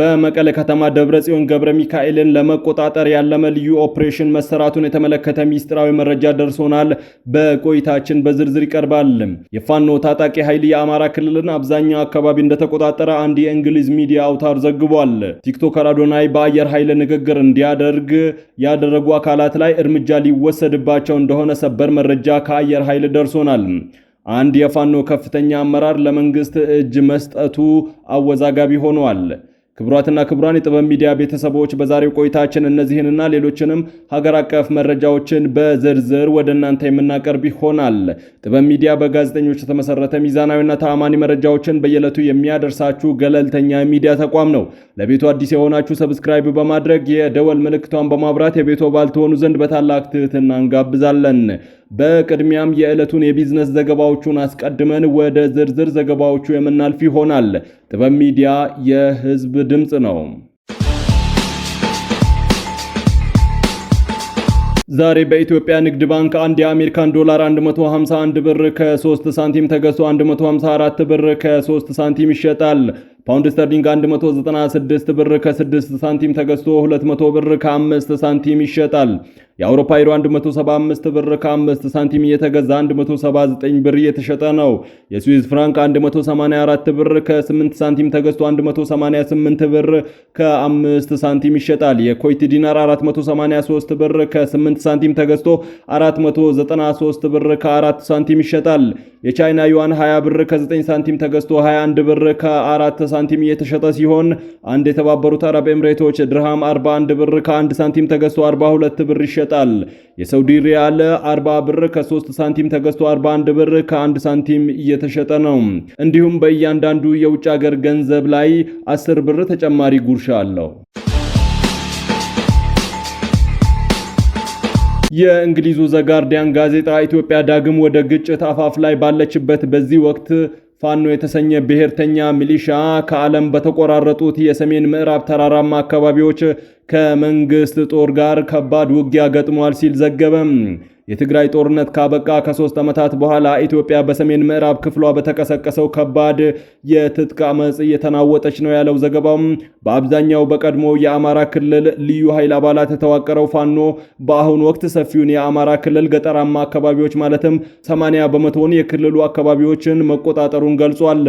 በመቀለ ከተማ ደብረ ጽዮን ገብረ ሚካኤልን ለመቆጣጠር ያለመ ልዩ ኦፕሬሽን መሰራቱን የተመለከተ ሚስጥራዊ መረጃ ደርሶናል። በቆይታችን በዝርዝር ይቀርባል። የፋኖ ታጣቂ ኃይል የአማራ ክልልን አብዛኛው አካባቢ እንደተቆጣጠረ አንድ የእንግሊዝ ሚዲያ አውታር ዘግቧል። ቲክቶከር አዶናይ በአየር ኃይል ንግግር እንዲያደርግ ያደረጉ አካላት ላይ እርምጃ ሊወሰድባቸው እንደሆነ ሰበር መረጃ ከአየር ኃይል ደርሶናል። አንድ የፋኖ ከፍተኛ አመራር ለመንግስት እጅ መስጠቱ አወዛጋቢ ሆኗል። ክቡራትና ክቡራን የጥበብ ሚዲያ ቤተሰቦች በዛሬው ቆይታችን እነዚህንና ሌሎችንም ሀገር አቀፍ መረጃዎችን በዝርዝር ወደ እናንተ የምናቀርብ ይሆናል። ጥበብ ሚዲያ በጋዜጠኞች የተመሰረተ ሚዛናዊና ተአማኒ መረጃዎችን በየዕለቱ የሚያደርሳችሁ ገለልተኛ ሚዲያ ተቋም ነው። ለቤቱ አዲስ የሆናችሁ ሰብስክራይብ በማድረግ የደወል ምልክቷን በማብራት የቤቱ አባል ትሆኑ ዘንድ በታላቅ ትህትና እንጋብዛለን። በቅድሚያም የዕለቱን የቢዝነስ ዘገባዎቹን አስቀድመን ወደ ዝርዝር ዘገባዎቹ የምናልፍ ይሆናል። ጥበብ ሚዲያ የህዝብ ድምፅ ነው። ዛሬ በኢትዮጵያ ንግድ ባንክ አንድ የአሜሪካን ዶላር 151 ብር ከ3 ሳንቲም ተገዝቶ 154 ብር ከ3 ሳንቲም ይሸጣል። ፓውንድ ስተርሊንግ 196 ብር ከ6 ሳንቲም ተገዝቶ 200 ብር ከ5 ሳንቲም ይሸጣል። የአውሮፓ ዩሮ 175 ብር ከ5 ሳንቲም እየተገዛ 179 ብር እየተሸጠ ነው። የስዊዝ ፍራንክ 184 ብር ከ8 ሳንቲም ተገዝቶ 188 ብር ከ5 ሳንቲም ይሸጣል። የኮይት ዲናር 483 ብር ከ8 ሳንቲም ተገዝቶ 493 ብር ከ4 ሳንቲም ይሸጣል። የቻይና ዩዋን 20 ብር ከ9 ሳንቲም ተገዝቶ 21 ብር ከ4 ሳንቲም እየተሸጠ ሲሆን አንድ የተባበሩት አረብ ኤምሬቶች ድርሃም 41 ብር ከ1 ሳንቲም ተገዝቶ 42 ብር ይሸጣል። የሳውዲ ሪያል 40 ብር ከ3 ሳንቲም ተገዝቶ 41 ብር ከ1 ሳንቲም እየተሸጠ ነው። እንዲሁም በእያንዳንዱ የውጭ ሀገር ገንዘብ ላይ 10 ብር ተጨማሪ ጉርሻ አለው። የእንግሊዙ ዘጋርዲያን ጋዜጣ ኢትዮጵያ ዳግም ወደ ግጭት አፋፍ ላይ ባለችበት በዚህ ወቅት ፋኖ የተሰኘ ብሔርተኛ ሚሊሻ ከዓለም በተቆራረጡት የሰሜን ምዕራብ ተራራማ አካባቢዎች ከመንግሥት ጦር ጋር ከባድ ውጊያ ገጥሟል ሲል ዘገበም። የትግራይ ጦርነት ካበቃ ከሶስት ዓመታት በኋላ ኢትዮጵያ በሰሜን ምዕራብ ክፍሏ በተቀሰቀሰው ከባድ የትጥቅ አመፅ እየተናወጠች ነው ያለው ዘገባውም በአብዛኛው በቀድሞ የአማራ ክልል ልዩ ኃይል አባላት የተዋቀረው ፋኖ በአሁኑ ወቅት ሰፊውን የአማራ ክልል ገጠራማ አካባቢዎች ማለትም 80 በመቶውን የክልሉ አካባቢዎችን መቆጣጠሩን ገልጿል።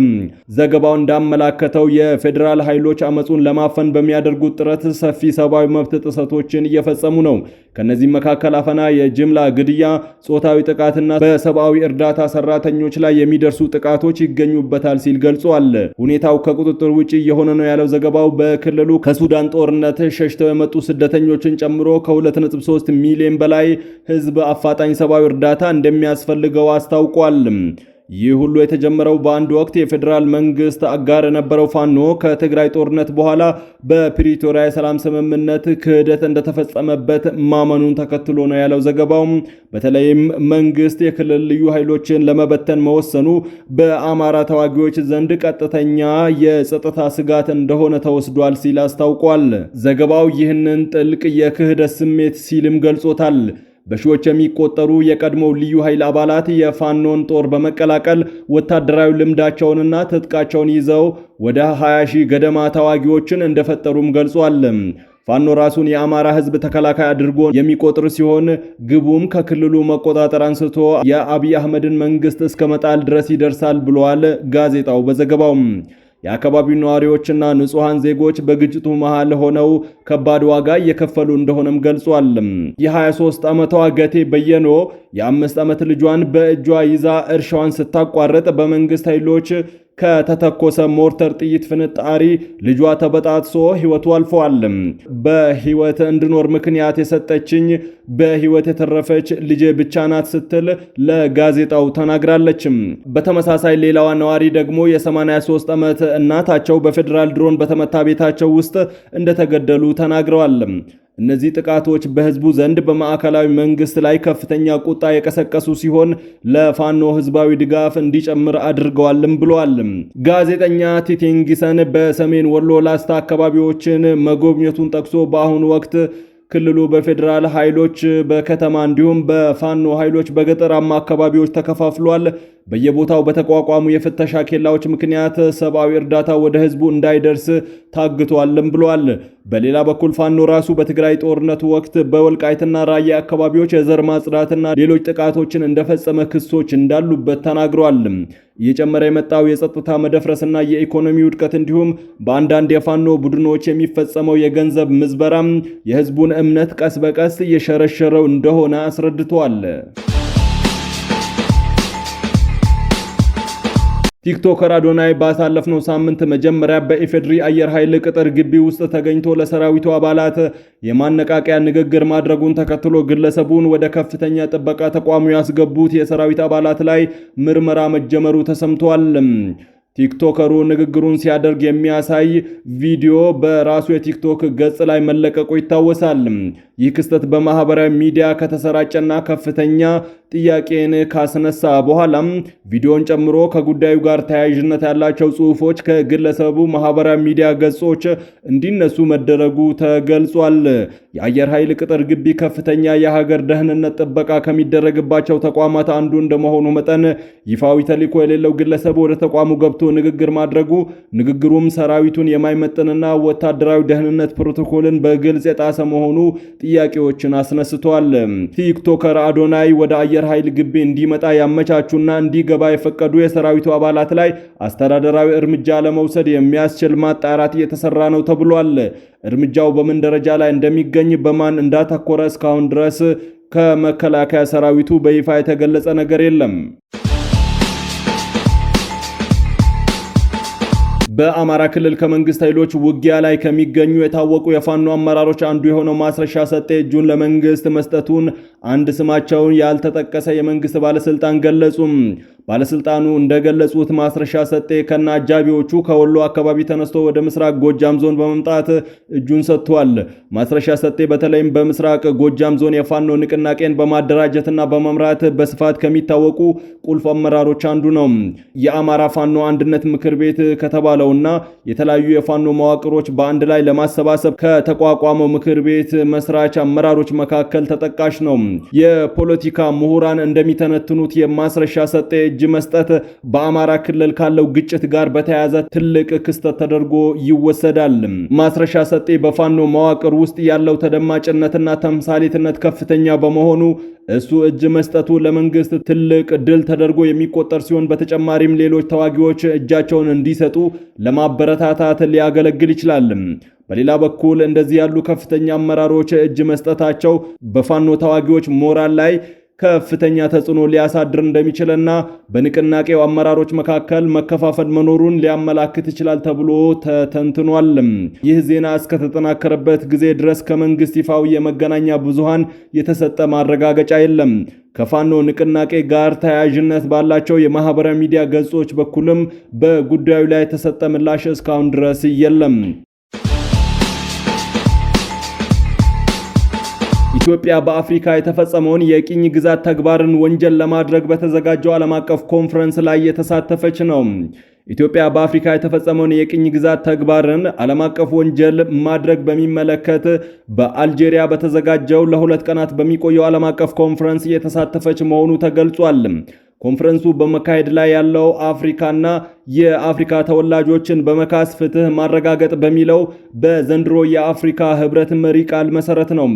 ዘገባው እንዳመላከተው የፌዴራል ኃይሎች አመፁን ለማፈን በሚያደርጉት ጥረት ሰፊ ሰብአዊ መብት ጥሰቶችን እየፈጸሙ ነው። ከነዚህም መካከል አፈና፣ የጅምላ ግድ ግድያ፣ ጾታዊ ጥቃትና በሰብአዊ እርዳታ ሰራተኞች ላይ የሚደርሱ ጥቃቶች ይገኙበታል ሲል ገልጿል። ሁኔታው ከቁጥጥር ውጭ የሆነ ነው ያለው ዘገባው በክልሉ ከሱዳን ጦርነት ሸሽተው የመጡ ስደተኞችን ጨምሮ ከ2.3 ሚሊዮን በላይ ህዝብ አፋጣኝ ሰብአዊ እርዳታ እንደሚያስፈልገው አስታውቋል። ይህ ሁሉ የተጀመረው በአንድ ወቅት የፌዴራል መንግስት አጋር የነበረው ፋኖ ከትግራይ ጦርነት በኋላ በፕሪቶሪያ የሰላም ስምምነት ክህደት እንደተፈጸመበት ማመኑን ተከትሎ ነው ያለው ዘገባው። በተለይም መንግስት የክልል ልዩ ኃይሎችን ለመበተን መወሰኑ በአማራ ተዋጊዎች ዘንድ ቀጥተኛ የጸጥታ ስጋት እንደሆነ ተወስዷል ሲል አስታውቋል። ዘገባው ይህንን ጥልቅ የክህደት ስሜት ሲልም ገልጾታል። በሺዎች የሚቆጠሩ የቀድሞ ልዩ ኃይል አባላት የፋኖን ጦር በመቀላቀል ወታደራዊ ልምዳቸውንና ትጥቃቸውን ይዘው ወደ 20 ሺህ ገደማ ተዋጊዎችን እንደፈጠሩም ገልጿል። ፋኖ ራሱን የአማራ ሕዝብ ተከላካይ አድርጎ የሚቆጥር ሲሆን ግቡም ከክልሉ መቆጣጠር አንስቶ የአብይ አህመድን መንግስት እስከ መጣል ድረስ ይደርሳል ብለዋል ጋዜጣው በዘገባውም የአካባቢው ነዋሪዎችና ንጹሐን ዜጎች በግጭቱ መሃል ሆነው ከባድ ዋጋ እየከፈሉ እንደሆነም ገልጿል። የ23 ዓመቷ ገቴ በየኖ የአምስት ዓመት ልጇን በእጇ ይዛ እርሻዋን ስታቋረጥ በመንግስት ኃይሎች ከተተኮሰ ሞርተር ጥይት ፍንጣሪ ልጇ ተበጣጥሶ ሕይወቱ አልፏል። በሕይወት እንድኖር ምክንያት የሰጠችኝ በሕይወት የተረፈች ልጄ ብቻ ናት ስትል ለጋዜጣው ተናግራለችም። በተመሳሳይ ሌላዋ ነዋሪ ደግሞ የ83 ዓመት እናታቸው በፌዴራል ድሮን በተመታ ቤታቸው ውስጥ እንደተገደሉ ተናግረዋል። እነዚህ ጥቃቶች በህዝቡ ዘንድ በማዕከላዊ መንግስት ላይ ከፍተኛ ቁጣ የቀሰቀሱ ሲሆን ለፋኖ ህዝባዊ ድጋፍ እንዲጨምር አድርገዋልም ብሏል። ጋዜጠኛ ቲቴንጊሰን በሰሜን ወሎ ላስታ አካባቢዎችን መጎብኘቱን ጠቅሶ በአሁኑ ወቅት ክልሉ በፌዴራል ኃይሎች በከተማ እንዲሁም በፋኖ ኃይሎች በገጠራማ አካባቢዎች ተከፋፍሏል። በየቦታው በተቋቋሙ የፍተሻ ኬላዎች ምክንያት ሰብአዊ እርዳታ ወደ ህዝቡ እንዳይደርስ ታግቷልም ብሏል። በሌላ በኩል ፋኖ ራሱ በትግራይ ጦርነት ወቅት በወልቃይትና ራያ አካባቢዎች የዘር ማጽዳትና ሌሎች ጥቃቶችን እንደፈጸመ ክሶች እንዳሉበት ተናግሯል። እየጨመረ የመጣው የጸጥታ መደፍረስና የኢኮኖሚ ውድቀት እንዲሁም በአንዳንድ የፋኖ ቡድኖች የሚፈጸመው የገንዘብ ምዝበራም የህዝቡን እምነት ቀስ በቀስ እየሸረሸረው እንደሆነ አስረድቷል። ቲክቶከር አዶናይ ባሳለፍነው ሳምንት መጀመሪያ በኢፌድሪ አየር ኃይል ቅጥር ግቢ ውስጥ ተገኝቶ ለሰራዊቱ አባላት የማነቃቂያ ንግግር ማድረጉን ተከትሎ ግለሰቡን ወደ ከፍተኛ ጥበቃ ተቋሙ ያስገቡት የሰራዊት አባላት ላይ ምርመራ መጀመሩ ተሰምቷል። ቲክቶከሩ ንግግሩን ሲያደርግ የሚያሳይ ቪዲዮ በራሱ የቲክቶክ ገጽ ላይ መለቀቁ ይታወሳል። ይህ ክስተት በማህበራዊ ሚዲያ ከተሰራጨና ከፍተኛ ጥያቄን ካስነሳ በኋላም ቪዲዮን ጨምሮ ከጉዳዩ ጋር ተያያዥነት ያላቸው ጽሁፎች ከግለሰቡ ማህበራዊ ሚዲያ ገጾች እንዲነሱ መደረጉ ተገልጿል። የአየር ኃይል ቅጥር ግቢ ከፍተኛ የሀገር ደህንነት ጥበቃ ከሚደረግባቸው ተቋማት አንዱ እንደመሆኑ መጠን ይፋዊ ተልዕኮ የሌለው ግለሰብ ወደ ተቋሙ ገብቶ ንግግር ማድረጉ ንግግሩም ሰራዊቱን የማይመጥንና ወታደራዊ ደህንነት ፕሮቶኮልን በግልጽ የጣሰ መሆኑ ጥያቄዎችን አስነስቷል። ቲክቶከር አዶናይ ወደ አየር ኃይል ግቢ እንዲመጣ ያመቻቹና እንዲገባ የፈቀዱ የሰራዊቱ አባላት ላይ አስተዳደራዊ እርምጃ ለመውሰድ የሚያስችል ማጣራት እየተሰራ ነው ተብሏል። እርምጃው በምን ደረጃ ላይ እንደሚገኝ በማን እንዳተኮረ እስካሁን ድረስ ከመከላከያ ሰራዊቱ በይፋ የተገለጸ ነገር የለም። በአማራ ክልል ከመንግስት ኃይሎች ውጊያ ላይ ከሚገኙ የታወቁ የፋኖ አመራሮች አንዱ የሆነው ማስረሻ ሰጤ እጁን ለመንግስት መስጠቱን አንድ ስማቸውን ያልተጠቀሰ የመንግስት ባለስልጣን ገለጹም። ባለስልጣኑ እንደገለጹት ማስረሻ ሰጤ ከነ አጃቢዎቹ ከወሎ አካባቢ ተነስቶ ወደ ምስራቅ ጎጃም ዞን በመምጣት እጁን ሰጥቷል። ማስረሻ ሰጤ በተለይም በምስራቅ ጎጃም ዞን የፋኖ ንቅናቄን በማደራጀትና በመምራት በስፋት ከሚታወቁ ቁልፍ አመራሮች አንዱ ነው። የአማራ ፋኖ አንድነት ምክር ቤት ከተባለውና የተለያዩ የፋኖ መዋቅሮች በአንድ ላይ ለማሰባሰብ ከተቋቋመው ምክር ቤት መስራች አመራሮች መካከል ተጠቃሽ ነው። የፖለቲካ ምሁራን እንደሚተነትኑት የማስረሻ ሰጤ እጅ መስጠት በአማራ ክልል ካለው ግጭት ጋር በተያያዘ ትልቅ ክስተት ተደርጎ ይወሰዳል። ማስረሻ ሰጤ በፋኖ መዋቅር ውስጥ ያለው ተደማጭነትና ተምሳሌትነት ከፍተኛ በመሆኑ እሱ እጅ መስጠቱ ለመንግስት ትልቅ ድል ተደርጎ የሚቆጠር ሲሆን በተጨማሪም ሌሎች ተዋጊዎች እጃቸውን እንዲሰጡ ለማበረታታት ሊያገለግል ይችላል። በሌላ በኩል እንደዚህ ያሉ ከፍተኛ አመራሮች እጅ መስጠታቸው በፋኖ ተዋጊዎች ሞራል ላይ ከፍተኛ ተጽዕኖ ሊያሳድር እንደሚችልና በንቅናቄው አመራሮች መካከል መከፋፈል መኖሩን ሊያመላክት ይችላል ተብሎ ተተንትኗል። ይህ ዜና እስከተጠናከረበት ጊዜ ድረስ ከመንግስት ይፋዊ የመገናኛ ብዙሃን የተሰጠ ማረጋገጫ የለም። ከፋኖ ንቅናቄ ጋር ተያያዥነት ባላቸው የማህበራዊ ሚዲያ ገጾች በኩልም በጉዳዩ ላይ የተሰጠ ምላሽ እስካሁን ድረስ የለም። ኢትዮጵያ በአፍሪካ የተፈጸመውን የቅኝ ግዛት ተግባርን ወንጀል ለማድረግ በተዘጋጀው ዓለም አቀፍ ኮንፈረንስ ላይ የተሳተፈች ነው። ኢትዮጵያ በአፍሪካ የተፈጸመውን የቅኝ ግዛት ተግባርን ዓለም አቀፍ ወንጀል ማድረግ በሚመለከት በአልጄሪያ በተዘጋጀው ለሁለት ቀናት በሚቆየው ዓለም አቀፍ ኮንፈረንስ የተሳተፈች መሆኑ ተገልጿል። ኮንፈረንሱ በመካሄድ ላይ ያለው አፍሪካና የአፍሪካ ተወላጆችን በመካስ ፍትህ ማረጋገጥ በሚለው በዘንድሮ የአፍሪካ ህብረት መሪ ቃል መሰረት ነው።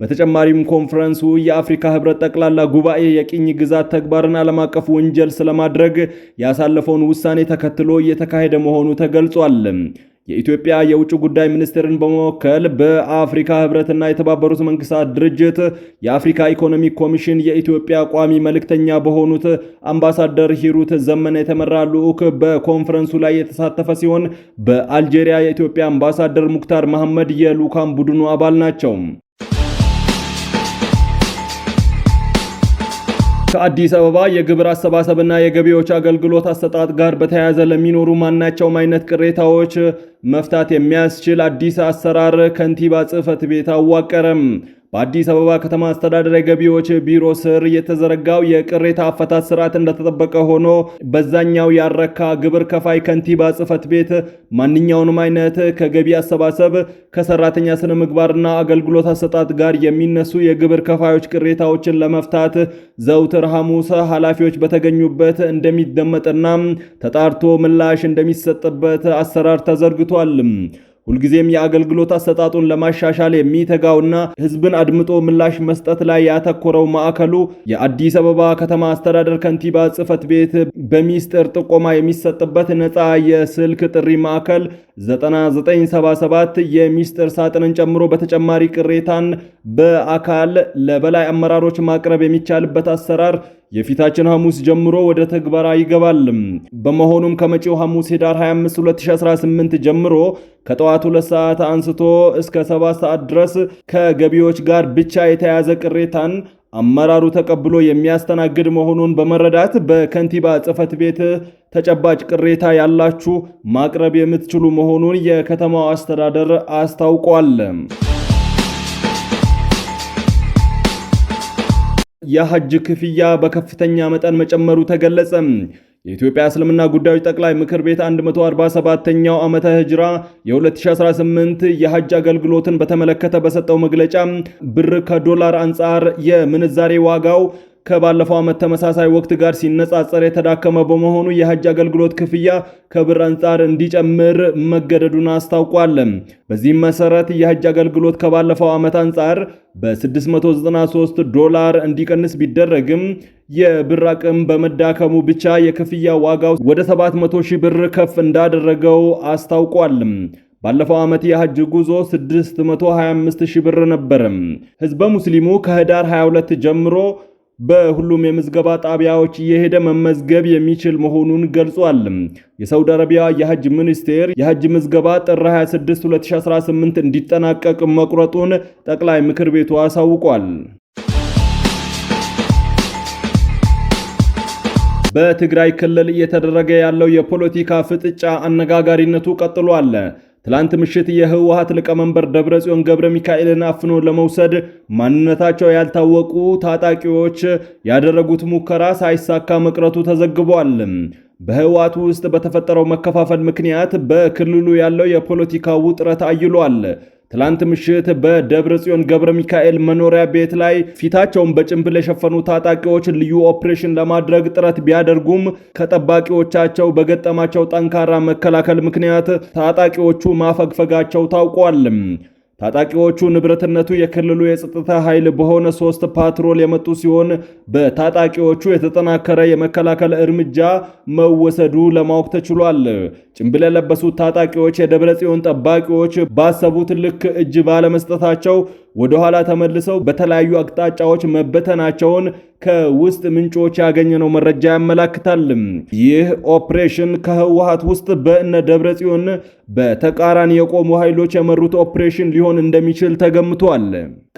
በተጨማሪም ኮንፈረንሱ የአፍሪካ ህብረት ጠቅላላ ጉባኤ የቅኝ ግዛት ተግባርን ዓለም አቀፍ ወንጀል ስለማድረግ ያሳለፈውን ውሳኔ ተከትሎ እየተካሄደ መሆኑ ተገልጿል። የኢትዮጵያ የውጭ ጉዳይ ሚኒስትርን በመወከል በአፍሪካ ህብረትና የተባበሩት መንግስታት ድርጅት የአፍሪካ ኢኮኖሚ ኮሚሽን የኢትዮጵያ ቋሚ መልእክተኛ በሆኑት አምባሳደር ሂሩት ዘመነ የተመራ ልዑክ በኮንፈረንሱ ላይ የተሳተፈ ሲሆን በአልጄሪያ የኢትዮጵያ አምባሳደር ሙክታር መሐመድ የልዑካን ቡድኑ አባል ናቸው። ከአዲስ አበባ የግብር አሰባሰብና የገቢዎች አገልግሎት አሰጣጥ ጋር በተያያዘ ለሚኖሩ ማናቸውም አይነት ቅሬታዎች መፍታት የሚያስችል አዲስ አሰራር ከንቲባ ጽህፈት ቤት አዋቀረም። በአዲስ አበባ ከተማ አስተዳደር የገቢዎች ቢሮ ስር የተዘረጋው የቅሬታ አፈታት ስርዓት እንደተጠበቀ ሆኖ በዛኛው ያረካ ግብር ከፋይ ከንቲባ ጽህፈት ቤት ማንኛውንም አይነት ከገቢ አሰባሰብ ከሰራተኛ ስነ ምግባርና አገልግሎት አሰጣጥ ጋር የሚነሱ የግብር ከፋዮች ቅሬታዎችን ለመፍታት ዘውትር ሐሙስ ኃላፊዎች በተገኙበት እንደሚደመጥና ተጣርቶ ምላሽ እንደሚሰጥበት አሰራር ተዘርግቷል። ሁልጊዜም የአገልግሎት አሰጣጡን ለማሻሻል የሚተጋውና ህዝብን አድምጦ ምላሽ መስጠት ላይ ያተኮረው ማዕከሉ የአዲስ አበባ ከተማ አስተዳደር ከንቲባ ጽህፈት ቤት በሚስጥር ጥቆማ የሚሰጥበት ነፃ የስልክ ጥሪ ማዕከል 9977 የሚስጥር ሳጥንን ጨምሮ በተጨማሪ ቅሬታን በአካል ለበላይ አመራሮች ማቅረብ የሚቻልበት አሰራር የፊታችን ሐሙስ ጀምሮ ወደ ተግባራ ይገባል። በመሆኑም ከመጪው ሐሙስ ኅዳር 25 2018 ጀምሮ ከጠዋቱ 2 ሰዓት አንስቶ እስከ 7 ሰዓት ድረስ ከገቢዎች ጋር ብቻ የተያዘ ቅሬታን አመራሩ ተቀብሎ የሚያስተናግድ መሆኑን በመረዳት በከንቲባ ጽህፈት ቤት ተጨባጭ ቅሬታ ያላችሁ ማቅረብ የምትችሉ መሆኑን የከተማው አስተዳደር አስታውቋል። የሐጅ ክፍያ በከፍተኛ መጠን መጨመሩ ተገለጸ። የኢትዮጵያ እስልምና ጉዳዮች ጠቅላይ ምክር ቤት 147ኛው ዓመተ ህጅራ የ2018 የሐጅ አገልግሎትን በተመለከተ በሰጠው መግለጫ ብር ከዶላር አንጻር የምንዛሬ ዋጋው ከባለፈው ዓመት ተመሳሳይ ወቅት ጋር ሲነጻጸር የተዳከመ በመሆኑ የሀጅ አገልግሎት ክፍያ ከብር አንጻር እንዲጨምር መገደዱን አስታውቋል። በዚህም መሰረት የሀጅ አገልግሎት ከባለፈው ዓመት አንጻር በ693 ዶላር እንዲቀንስ ቢደረግም የብር አቅም በመዳከሙ ብቻ የክፍያ ዋጋው ወደ 700 ሺህ ብር ከፍ እንዳደረገው አስታውቋል። ባለፈው ዓመት የሐጅ ጉዞ 625 ሺህ ብር ነበር። ህዝበ ሙስሊሙ ከህዳር 22 ጀምሮ በሁሉም የምዝገባ ጣቢያዎች እየሄደ መመዝገብ የሚችል መሆኑን ገልጿል። የሳውዲ አረቢያ የሐጅ ሚኒስቴር የሐጅ ምዝገባ ጥር 26 2018 እንዲጠናቀቅ መቁረጡን ጠቅላይ ምክር ቤቱ አሳውቋል። በትግራይ ክልል እየተደረገ ያለው የፖለቲካ ፍጥጫ አነጋጋሪነቱ ቀጥሏል። ትላንት ምሽት የህወሀት ሊቀመንበር ደብረጽዮን ገብረ ሚካኤልን አፍኖ ለመውሰድ ማንነታቸው ያልታወቁ ታጣቂዎች ያደረጉት ሙከራ ሳይሳካ መቅረቱ ተዘግቧል። በህወሀት ውስጥ በተፈጠረው መከፋፈል ምክንያት በክልሉ ያለው የፖለቲካ ውጥረት አይሏል። ትላንት ምሽት በደብረ ጽዮን ገብረ ሚካኤል መኖሪያ ቤት ላይ ፊታቸውን በጭንብል የሸፈኑ ታጣቂዎች ልዩ ኦፕሬሽን ለማድረግ ጥረት ቢያደርጉም ከጠባቂዎቻቸው በገጠማቸው ጠንካራ መከላከል ምክንያት ታጣቂዎቹ ማፈግፈጋቸው ታውቋል። ታጣቂዎቹ ንብረትነቱ የክልሉ የጸጥታ ኃይል በሆነ ሶስት ፓትሮል የመጡ ሲሆን በታጣቂዎቹ የተጠናከረ የመከላከል እርምጃ መወሰዱ ለማወቅ ተችሏል። ጭምብል የለበሱት ታጣቂዎች የደብረ ጽዮን ጠባቂዎች ባሰቡት ልክ እጅ ባለመስጠታቸው ወደኋላ ተመልሰው በተለያዩ አቅጣጫዎች መበተናቸውን ከውስጥ ምንጮች ያገኘነው መረጃ ያመላክታል። ይህ ኦፕሬሽን ከህወሀት ውስጥ በእነ ደብረ ጽዮን በተቃራኒ የቆሙ ኃይሎች የመሩት ኦፕሬሽን ሊሆን እንደሚችል ተገምቷል።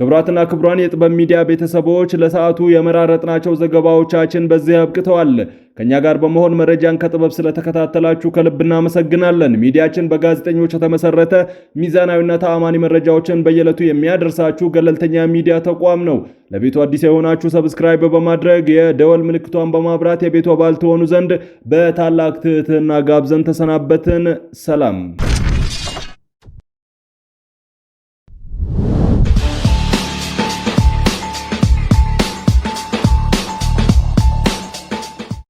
ክብራትና ክብሯን የጥበብ ሚዲያ ቤተሰቦች ለሰዓቱ የመራረጥናቸው ዘገባዎቻችን በዚህ አብቅተዋል። ከእኛ ጋር በመሆን መረጃን ከጥበብ ስለተከታተላችሁ ከልብ እናመሰግናለን። ሚዲያችን በጋዜጠኞች የተመሰረተ ሚዛናዊና ተአማኒ መረጃዎችን በየዕለቱ የሚያደርሳችሁ ገለልተኛ ሚዲያ ተቋም ነው። ለቤቱ አዲስ የሆናችሁ ሰብስክራይብ በማድረግ የደወል ምልክቷን በማብራት የቤቱ አባል ትሆኑ ዘንድ በታላቅ ትህትና ጋብዘን ተሰናበትን። ሰላም